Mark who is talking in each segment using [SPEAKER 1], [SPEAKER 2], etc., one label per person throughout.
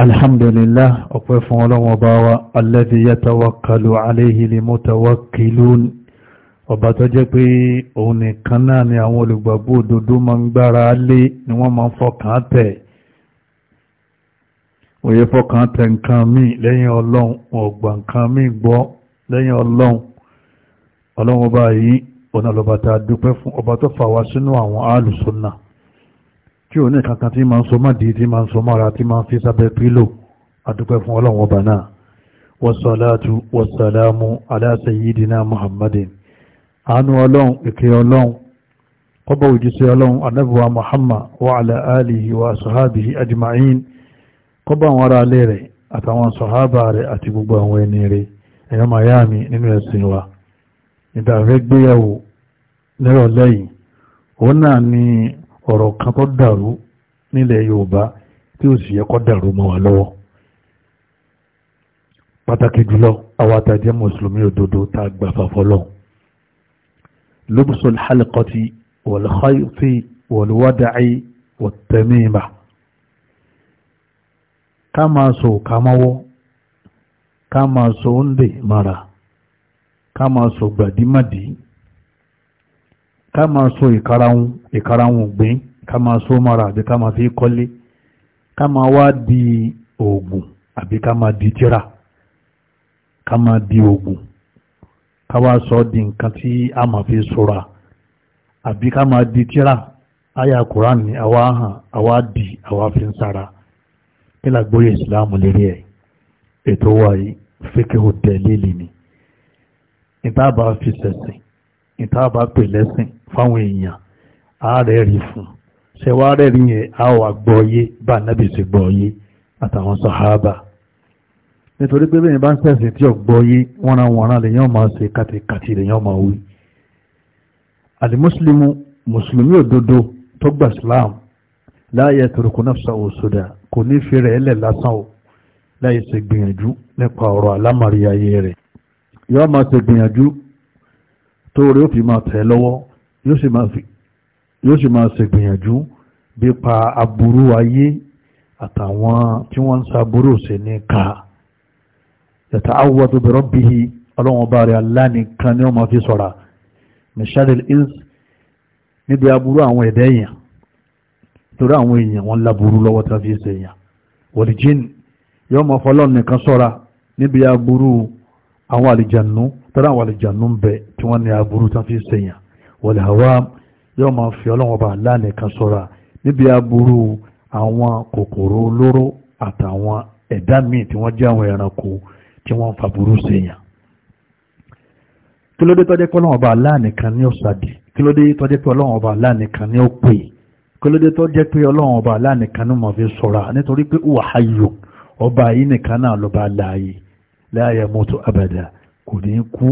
[SPEAKER 1] alhamdulillah ọpẹ́ fún ọlọ́wọ́ bá wa alladhi yatawakkalu alayhi limutawakkilun ọba tó jẹ́ pé òun nìkan náà ni àwọn olùgbàgbọ́ òdodo máa ń gbára lé ni wọ́n máa ń fọkàn tẹ̀ òye fọkàn tẹ̀ nǹkan míì lẹ́yìn ọlọ́run ọ̀gbà nǹkan míì gbọ́ lẹ́yìn ọlọ́run ọlọ́run ọba yìí ọ̀nà lọ́ba tá a dúpẹ́ fún ọba tó fà wá sínú àwọn alùsùnà tí ò ní kankan tí ma ń so mọ́dí tí ma ń so mọ́ra tí ma ń fi sábẹ́ pílò adúpẹ́ fún ọlọ́run ọba náà wasalaatu wasalaamu ala sayyidina muhammadin àánú ọlọ́run ìkẹ́ ọlọ́run ọba òjíṣẹ́ ọlọ́run anábíwá muhammad wa ala alihi wa sahabihi ajma'in kọba àwọn ará alẹ́ rẹ̀ àtàwọn sọ̀hábà rẹ̀ àti gbogbo àwọn ẹni rẹ̀ ẹ̀yọ́ ọ̀rọ̀ kan tó dàrú nílẹ̀ yorùbá tí ó sì yẹ kó dàrú mọ́ wa lọ́wọ́ pàtàkì jùlọ àwọn àtàjẹ́ mùsùlùmí òdodo tá a gbà fàfọ́lọ́ lóbùsùn halqati wal khayfi wal ká máa so ká mọ́wọ́ ká máa so ń mara ká máa so ká máa so ìkarahun ìkarahun gbìn ká máa so mara àbí ká máa fi kọ́lé ká máa wá di oògùn àbí ká máa di tíra ká máa di oògùn ká wá sọ di nǹkan tí a máa fi sora àbí ká máa di tíra aya Quran ni àwa hàn àwa di àwa fi ń sára kí làgbóyè ìsìláàmù lérí ẹ̀ ètò wa yìí fíkẹ́ hòtẹ́ẹ̀lì lè ní fi sẹ̀sìn ìtaàbà pè lẹ́sìn fáwọn èèyàn ààrẹ rí fún ṣẹwà rẹ̀ rí yẹn a wà gbọ́yé bá nábì sí gbọ́yé àtàwọn sàhábà nítorí pé bẹ́ẹ̀ bá ń sẹ̀sìn tí ò gbọ́yé wọ́n ra wọ́n ra lèyàn máa ṣe kàtìkàtì lèyàn máa wí alimuslimu mùsùlùmí òdodo tó gbà islam láàyè tòrókù náà sàwò sódà kò ní fi rẹ̀ ẹlẹ̀ lásán o láyè ṣe gbìyànjú nípa ọ̀rọ̀ alámàrí ayé rẹ̀ yóò tó rí ó fi máa tẹ̀ lọ́wọ́ yóò sì máa ṣègbìyànjú bí pa aburú ayé àtàwọn tí wọ́n ń saburú sí ní ká yàtà awọ́ tó bẹ̀rọ̀ bí i ọlọ́wọ́n bá rẹ̀ alánìkan ni wọ́n máa fi sọ̀ra michelle is níbi aburú àwọn ẹ̀dẹ́ èèyàn torí àwọn èèyàn wọ́n láburú lọ́wọ́ tá fi ṣe èèyàn wọ̀lìjín yọ́ mọ̀ fọlọ́n nìkan sọ́ra níbi aburú àwọn àlìjànú tọ́lá àwọn àlejànú ń bẹ tí wọ́n ní aburú tán fi sèyàn wọlé àwa yóò máa fi ọlọ́wọ́n bá lánìkan sọ́ra níbi aburú àwọn kòkòrò olóró àtàwọn ẹ̀dá míì tí wọ́n jẹ́ àwọn ẹranko tí wọ́n ń faburú sèyàn. kí ló dé tọ́jẹ́ pé ọlọ́wọ́n bá lánìkan ní ọ̀sàdì kí ló dé tọ́jẹ́ pé ọlọ́wọ́n bá lánìkan ní òpè kí ló dé tọ́jẹ́ pé ọlọ́wọ́n bá lánìkan ní mọ̀ fi sọ́ra nítorí pé ó yìí nìkan abada kò ní kú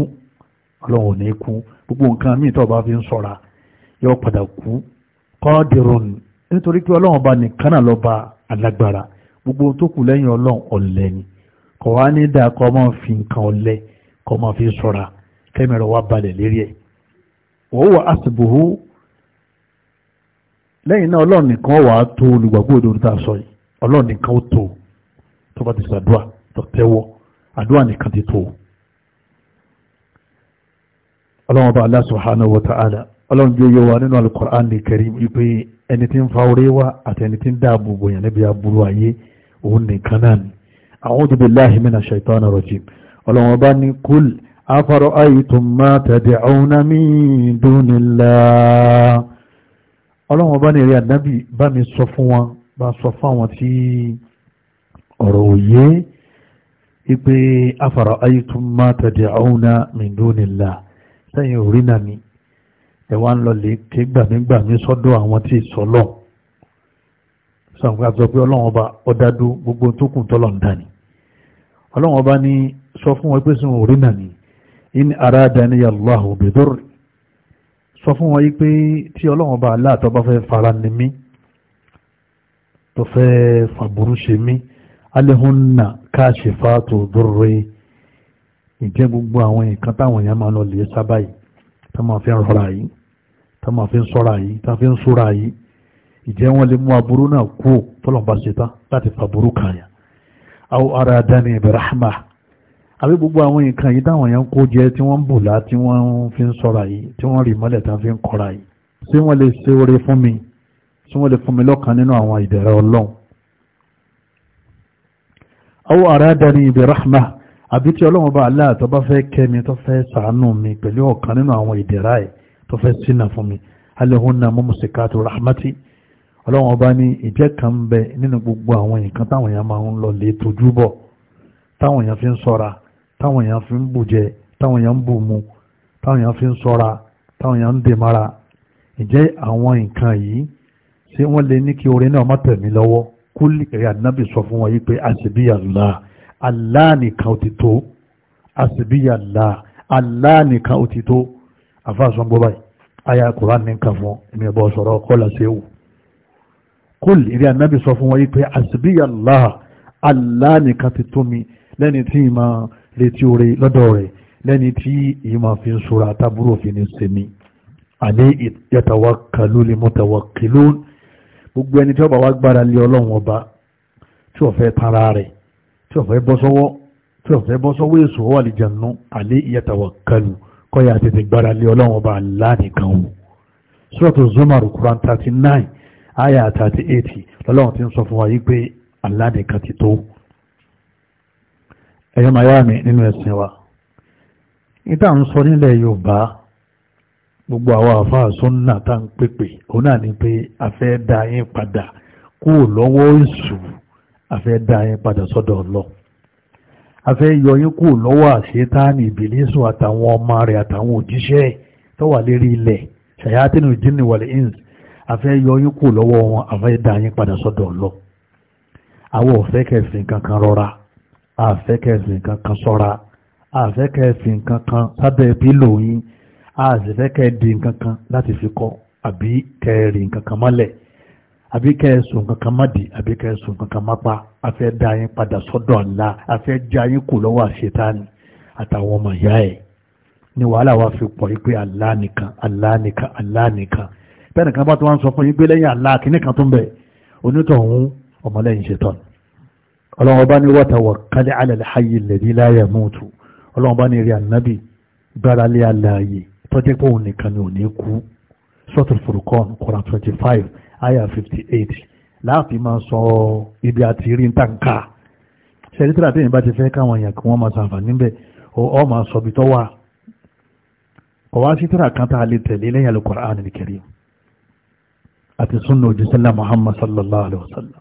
[SPEAKER 1] ọlọ́run ò ní kú gbogbo nǹkan míì tó bá fi ń sọ̀ra yóò padà kú kọ́ọ̀dìrún nítorí pé ọlọ́run bá nìkan náà lọ́ba alágbára gbogbo tó kù lẹ́yìn ọlọ́run ọ̀lẹ ni kò wá ní dáa kọ́ máa fi nǹkan ọ̀lẹ kọ́ máa fi sọ̀ra kẹ́mẹ̀rọ wa balẹ̀ lérí ẹ̀ wọ́n wà àsìbòhó lẹ́yìn náà ọlọ́run nìkan wà á tó olùgbàgbọ́ òdòdó tá a sọ yìí ọlọ́run nìkan ó tó tó bá ti ṣàdúà tó tẹ́wọ́ àdúà nìkan ti tó o ọlọ́run bá Allah subhanahu wa ta'ala ọlọ́run jó yọ wa nínú al-Qur'an al-Karim wípé ẹni tí ń fa orí wa àti ẹni tí ń dáàbò bò yàn níbi aburú ayé òun nìkan náà ni a'udhu billahi minash shaitani rajim ọlọ́run bá ní kul afara'aytum ma tad'una min dunillah ọlọ́run bá ní eré ànábì bá mi sọ fún wọn bá sọ fún àwọn tí ọ̀rọ̀ òye wípé afara'aytum ma tad'una min dunillah sẹ́yìn orí náà ni ẹ wá ń lọ lè ké gbàmígbàmí sọ́dọ̀ àwọn tí ì sọ́lọ̀ sọ̀rọ̀ àti ọ̀pẹ ọlọ́run ọba ọ̀dádó gbogbo tó kù tọ́lọ̀ ń dání ọlọ́run ọba ní sọ fún wọn pé sùn orí náà ni in ara dání Allahu bidurri sọ fún wọn pé tí ọlọ́run ọba aláàtọ́ bá fẹ́ fara ni mí tó fẹ́ fàbùrú ṣe mí alẹ́hùn náà káṣífà tó dúró rèé ìjẹ́ gbogbo àwọn nǹkan táwọn èèyàn máa lọ lè sábà yìí tá máa fi ń rọra yìí tá máa fi ń sọ́ra yìí tá fi ń sóra yìí ìjẹ́ wọn lè mú aburú náà kú tọ́lọ̀bá ṣetán láti fàburú kààyàn aw aradani birahma àbí gbogbo àwọn nǹkan yìí táwọn èèyàn kó jẹ tí wọ́n ń bùlá tí wọ́n fi ń sọ́ra yìí tí wọ́n rì mọ́lẹ̀ tán fi ń kọ́ra yìí ṣé wọ́n lè ṣe oore fún mi ṣé wọ́n lè fún mi lọ́kàn nínú àwọn ìdẹ̀rẹ̀ ọlọ́run aw aradani birahma àbí tí ọlọ́run bá aláà tó bá fẹ́ kẹ́mi tó fẹ́ sàánú mi pẹ̀lú ọ̀kan nínú àwọn ìdẹ̀ra ẹ̀ tó fẹ́ sínà fún mi alẹ́hùnà mọ́mùsíkàtò rahmati ọlọ́run bá ní ìjẹ́ kan bẹ nínú gbogbo àwọn nǹkan táwọn èèyàn máa ń lọ lè tójú bọ̀ táwọn èèyàn fi ń sọ́ra táwọn èèyàn fi ń bùjẹ táwọn èèyàn ń bù mu táwọn èèyàn fi ń sọ́ra táwọn èèyàn ń dè mára ìjẹ́ àwọn nǹkan yìí ṣé wọ́n lè ní kí orin náà má tẹ̀mí lọ́wọ́ kúlì ẹ̀yà nábì sọ fún wọn yìí pé àṣìbíyà lọ́la Allah nìkan ò ti àṣìbíyà Allah Allah nìkan ò ti tó àfáàsán bó báyìí aya Qur'an nìkan fún èmi ọ̀bọ̀ sọ̀rọ̀ kọ́lá sí ewu kúl ìrí anábì sọ fún wọn yí pé àṣìbíyà Allah Allah nìkan ti mi lẹ́ni tí ìmọ̀ retí oore lọ́dọ̀ rẹ̀ lẹ́ni tí ìmọ̀ fi ń sora àtàbúrò fi ní sèmi àní yatawakkalu li mutawakkilun gbogbo ẹni tí ó bá gbára lé ọlọ́run ọba tí ó fẹ́ tara rẹ̀ tí ọ̀fẹ́ bọ́ sọ́wọ́ tí ọ̀fẹ́ bọ́ sọ́wọ́ èso wà lè jẹun alẹ́ ìyàtàwọ̀ kalu kọ́yà tètè gbára lé ọlọ́run ọba lánìkan wò sọ́ọ̀tù zomar quran thirty nine aya thirty eight lọ́lọ́run ti ń sọ fún wa yìí pé alánìkan ti tó ẹ̀yọ́ mayami nínú ẹ̀sìn wa níta ń sọ nílẹ̀ yorùbá gbogbo àwọn àfáà sunna tá ń pèpè òun náà ni pé a dá yín padà kúrò lọ́wọ́ èṣù afẹ́ dá yín padà sọ́dọ̀ ọlọ́ afẹ́ yọ yín kù lọ́wọ́ àṣetáni ìbílísù àtàwọn ọmọ rẹ̀ àtàwọn òjíṣẹ́ tó wà lérí ilẹ̀ ṣàyátínú jinni ins afẹ́ yọ yín kù lọ́wọ́ wọn afẹ́ dá yín padà sọ́dọ̀ lọ àwọn òfẹ́ kẹfìn kankan rọra àfẹ́ kẹfìn kankan sọ́ra àfẹ́ kẹfìn kankan sábẹ́ pílò yín láti fi kọ́ àbí mọ́lẹ̀ àbí kẹsùn kankan má di àbí kẹsùn kankan má pa afẹ́ dá yín padà sọ́dọ̀ Allah afẹ́ já yín kù lọ́wọ́ àṣetáni àtàwọn ọmọ ìyá ẹ̀ ni wàhálà wa fi pọ̀ yí pé Allah nìkan Allah nìkan Allah nìkan bẹ́ẹ̀ nìkan bá tó wá ń sọ fún yín pé lẹ́yìn Allah kìíní kan tó ń bẹ̀ onítọ̀hún ọmọlẹ́yìn ṣetán ọlọ́run bá ní wa tawakkal ala al-hayy alladhi la yamutu ọlọ́run bá ní rí ànábì gbára lé aláàyè tọ́jú pé òun nìkan ni òun ní kú suratul Furqan Qur'an twenty five aya fifty eight láàfin máa sọ ibi àti rí ntanka tàǹkà ṣẹ́rítìrà tí èyí bá ti fẹ́ káwọn èèyàn kí wọ́n máa ṣàǹfààní bẹ́ẹ̀ ọ máa sọ ibi tó wà ọwá sítìrà kan a lè tẹ̀lé lẹ́yìn al-Qur'an al-Karim àti Muhammad sallallahu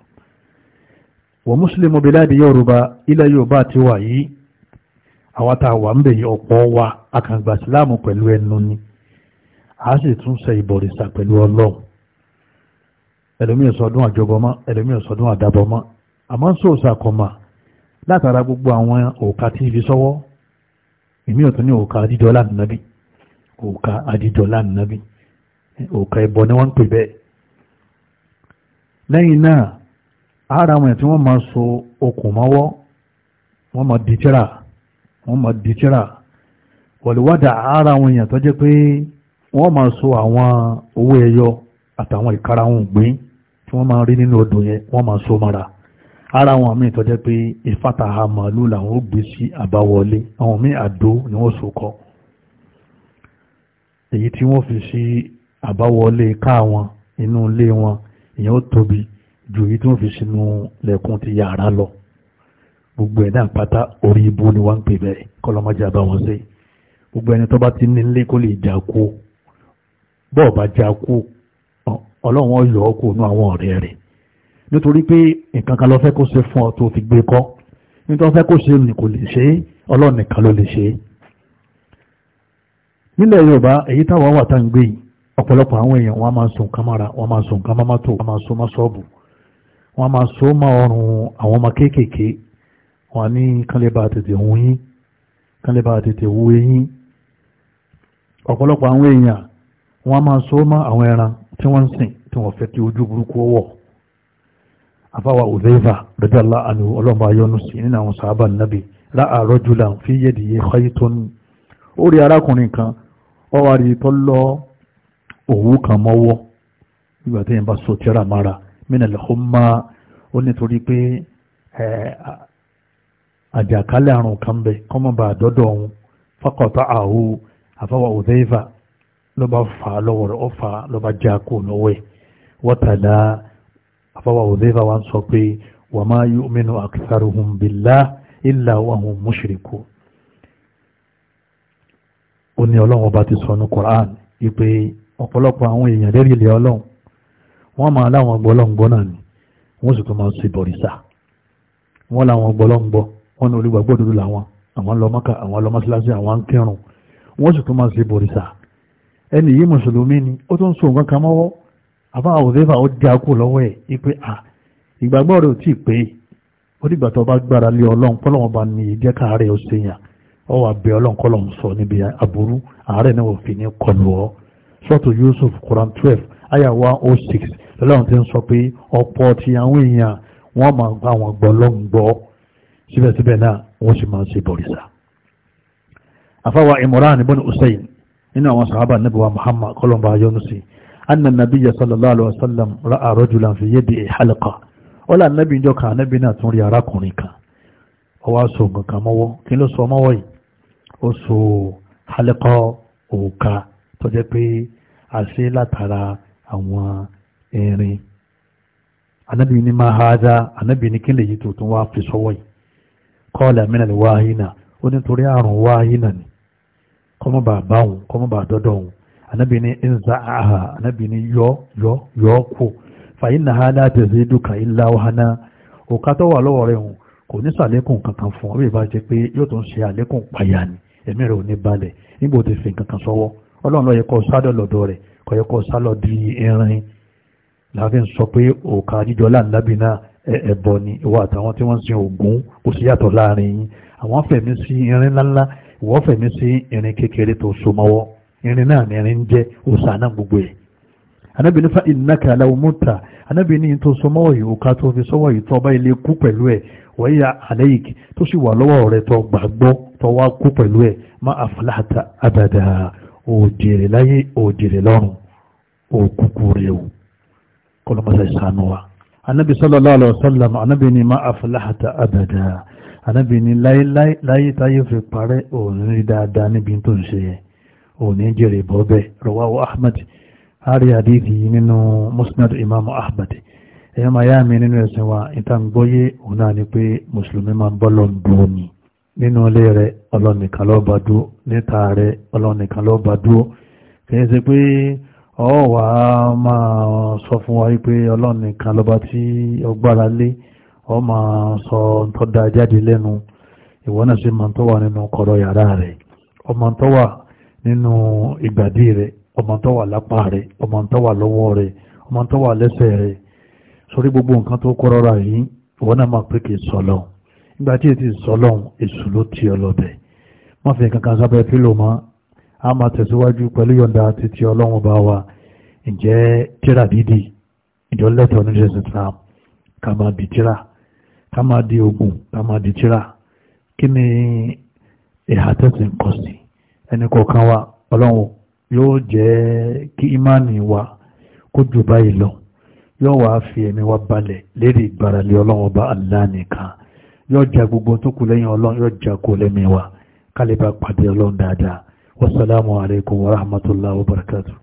[SPEAKER 1] wa muslimu biladi yorùbá ilẹ̀ yorùbá ti wà yìí àwọn tá a wà ń bẹ̀ yí wa a sì tún ẹlòmí ìsọdún àjọbọmọ́ ẹlòmí ìsọdún àdàbọmọ́ àmọ́ sòòsà kọ̀mà látara gbogbo àwọn òòkà tí ibi sọ́wọ́ èmi ò tún ní òòkà àdídọ́lá nàbí òòkà àdídọ́lá nàbí òòkà ẹ̀bọ ni wọ́n ń pè bẹ́ẹ̀ lẹ́yìn náà ara wọn tí wọ́n máa so okùn mọ́wọ́ wọ́n máa di tíra wọ́n máa di tíra wọ̀lúwádà ara wọn èèyàn tó jẹ́ pé wọ́n máa so àwọn owó ẹyọ àtàwọn ìkarahun gbìn tí wọ́n máa rí nínú odò yẹn wọ́n máa so mara ara àwọn míì tọ́jẹ́ pé ìfàtàhà màálù làwọn ó gbé sí àbáwọlé àwọn míì àdó ni wọ́n so kọ́ èyí tí wọ́n fi sí àbáwọlé ká wọn inú ilé wọn ìyẹn ó tóbi ju èyí tí wọ́n fi sínú lẹ́kùn ti yàrá lọ gbogbo ẹ̀ náà orí ibú ni wọ́n ń pè bẹ́ẹ̀ kọ́lọ́mọ́jà bá wọn sí gbogbo ẹni tó bá ti ní ilé kó lè jà kú bọ́ọ̀ bá jà kú ọlọ́run ó yọ ọ́ kó nú àwọn ọ̀rẹ́ rẹ̀ nítorí pé nǹkan kan ló fẹ́ kó ṣe fún ọ tó fi gbé e kọ́ nítorí fẹ́ kó ṣe ni kò lè ṣe ọlọ́run nìkan ló lè ṣe nílẹ̀ yorùbá èyí táwọn wà tá ń gbé yìí ọ̀pọ̀lọpọ̀ àwọn èèyàn wọ́n máa sùn kámára wọ́n máa sùn kámámátò wọ́n máa sùn má sọ́ọ̀bù wọ́n máa sùn má ọrùn àwọn ọmọ kéékèèké wọ́n ní kánlẹ́bà tètè hun yín kánlẹ́bà tètè hu eyín ọ̀pọ̀lọpọ̀ àwọn èèyàn wọ́n máa sùn má àwọn ẹran tí wọ́n ń sìn tí wọ́n fẹ́ kí ojú burúkú wọ̀ afáwa Uzaifa radiyallahu anhu ọlọ́mọ ayọ́nu sí nínú àwọn sàábà nàbì ra'a rajulan fi yadihi khaytun ó rí arákùnrin kan ó wá rí tó lọ òwú kan mọ́wọ́ nígbà tí yẹn bá so tíra mara minal humma ó nítorí pé àjàkálẹ̀ àrùn kan bẹ kọ́mọba àdọ́dọ̀ ọ̀hún faqata'ahu afáwa Uzaifa ló bá fà á lọ́wọ́ rẹ̀ ó fà á ló bá já kó lọ́wọ́ ẹ̀ wọ́tàlá afọwọ́ òzèfà wa ń sọ pé wa ma yu'minu aktharuhum billah illa wa hum mushriku ó ní ọlọ́run ọba ti sọ ní Qur'an ìpè ọ̀pọ̀lọpọ̀ àwọn èèyàn lérí ilẹ̀ ọlọ́run wọ́n máa láwọn gbọ́lọ́ngbọ́ náà ni wọ́n sì tún máa ṣe bọ̀rìṣà wọ́n láwọn gbọ́lọ́ngbọ́ wọ́n ní olùgbàgbọ́ òdodo làwọn àwọn lọ àwọn lọ àwọn ń kírun wọ́n sì tún máa ṣe bọ̀rìṣà ẹni yìí mùsùlùmí ni ó tó ń so nǹkan kan mọ́wọ́ àbá òdèfà ó di akó lọ́wọ́ ẹ̀ ipe à ìgbàgbọ́ rẹ̀ ò tí ì pé ó dìgbà tó bá gbára lé ọlọ́run kọ́lọ́run bá ní ìjẹ́ káàárẹ̀ ó ṣe yàn ọ wà bẹ ọlọ́run kọ́lọ́run sọ níbi àbúrú àárẹ̀ náà òfin ní kọlù ọ́ sọ́tù Yusuf Quran twelve aya one oh six lọ́lọ́run ti ń sọ pé ọ̀pọ̀ ti àwọn èèyàn wọ́n máa gba àwọn gbọ́ lọ́n gbọ́ síbẹ̀síbẹ̀ náà wọ́n sì máa ṣe bọ̀rìṣà àfáwà Imran ibn Hussein nínú àwọn sàhábà níbiwa Muhammad kọlọmbà yọnu sí anna nabiyya sallallahu alaihi wasallam ra'a rajulan fi yadihi halqa ọlá nabi jọ kan nabi náà tún rí arákùnrin kan ọwá so nǹkan mọ́wọ́ kí ló sọ mọ́wọ́ yìí ó so halqa òòka tó jẹ́ pé àṣẹ látara àwọn irin anabi ni ma haza anabi ni kí lè yí tuntun wá fi sọ́wọ́ yìí qala min al-wahina ó nítorí àrùn wáhínà ni kọ́mọ́ bá bá òun kọ́mọ́ bá dọ́dọ̀ òun anabi ni nza aha anabi ni yọ yọ yọ kó fàyín náà hálà tẹ̀sí dùkà ilá wàhánà òkà tó wà lọ́wọ́ rẹ̀ hùn kò ní sàlékùn kankan fún ọbẹ̀ ìbá jẹ́ pé yóò tún ṣe àlékùn payà ni ẹ̀mí rẹ̀ ò ní balẹ̀ níbo ti fi kankan sọ́wọ́ ọlọ́run ló yẹ kó sádọ̀ lọ́dọ̀ rẹ̀ kó yẹ kó sálọ di irin láàfin sọ pé òkà jíjọ láǹlábì náà ẹ̀bọ ni ìwà àtàwọn tí wọ́n ń sin Ògún kò sí yàtọ̀ láàrin yín àwọn fẹ̀mí sí irin ńláńlá wọ́n fẹ̀mí sí irin kékeré tó so mọ́wọ́ irin náà ni irin ń jẹ́ òòsàn náà gbogbo ẹ̀ anábì nífa ìnáka aláwòmúta anábì ní tó so mọ́wọ́ yìí òka tó fi sọ́wọ́ yìí tó bá ilé kú pẹ̀lú ẹ̀ wọ́yà alẹ́yìk tó sì wà lọ́wọ́ rẹ̀ tó gbàgbọ́ tó wá kú pẹ̀lú ẹ̀ má àfàlàtà àbàdà òjèrè láyé òjèrè lọ́rùn òkúkú rẹ̀ o kọ́lọ́mọ́sá ìsànú wa anábì sallallahu alaihi wasallam anábì ní má àfàlàtà àbàdà ànábì ní láyé táyé fi parẹ́ òun rí dáadáa níbi tó ń ṣe yẹn òun ní jèrè bọ́ bẹ́ẹ̀ rọwáwọ́ ahmed ari hadithi nínú musnad imam ahmed ẹ̀yọ́ máa yá mi nínú ẹ̀sìn wa ìtàǹgbọ́yé òun náà ni pé mùsùlùmí máa ń bọ́ lọ́n dúró ni nínú ilé rẹ̀ ọlọ́nìkan ló bá dúró níta rẹ̀ ọlọ́nìkan ló bá dúró kìí ṣe pé ọ̀wà máa sọ fún wa pé ọlọ́nìkan ló bá tí ọgbára lé ọ máa sọ tó da jáde lẹ́nu ìwọ náà sì máa tó wà nínú kọ̀rọ̀ yàrá rẹ̀ ọmọ tó wà nínú ìgbàdí rẹ̀ ọmọ tó wà lápá rẹ̀ ọmọ tó wà lọ́wọ́ rẹ̀ ọmọ tó wà lẹ́sẹ̀ rẹ̀ sórí gbogbo nǹkan tó kọ́ rọra yìí ìwọ náà máa pé kì í sọlọ́hún nígbà tí ètí sọlọ́hún èṣù ló ti ọlọ́bẹ̀ má fi kankan sábẹ́ fílò mọ́ a máa tẹ̀síwájú pẹ̀lú yọ̀ǹda títí ọlọ́run bá wa ǹjẹ́ tíra dídì ìjọ lẹ́tọ̀ọ́ nílẹ̀ Islam ká máa bì tíra ká máa di ogun ká máa di tíra kí ni ìhà tẹ́sí ń kọ́ sí ẹni kọ̀ọ̀kan wa ọlọ́run yóò jẹ́ kí ìmánì wa kó jù báyìí lọ yóò wá fi ẹ̀mí wa balẹ̀ lérí ìgbàralẹ̀ ọlọ́run ọba Allah nìkan yóò ja gbogbo tó kù lẹ́yìn ọlọ́run yóò ja kó lẹ́mí wa kálíbà pàdé ọlọ́run dáadáa wasalaamu wa rahmatulah wa barakatu.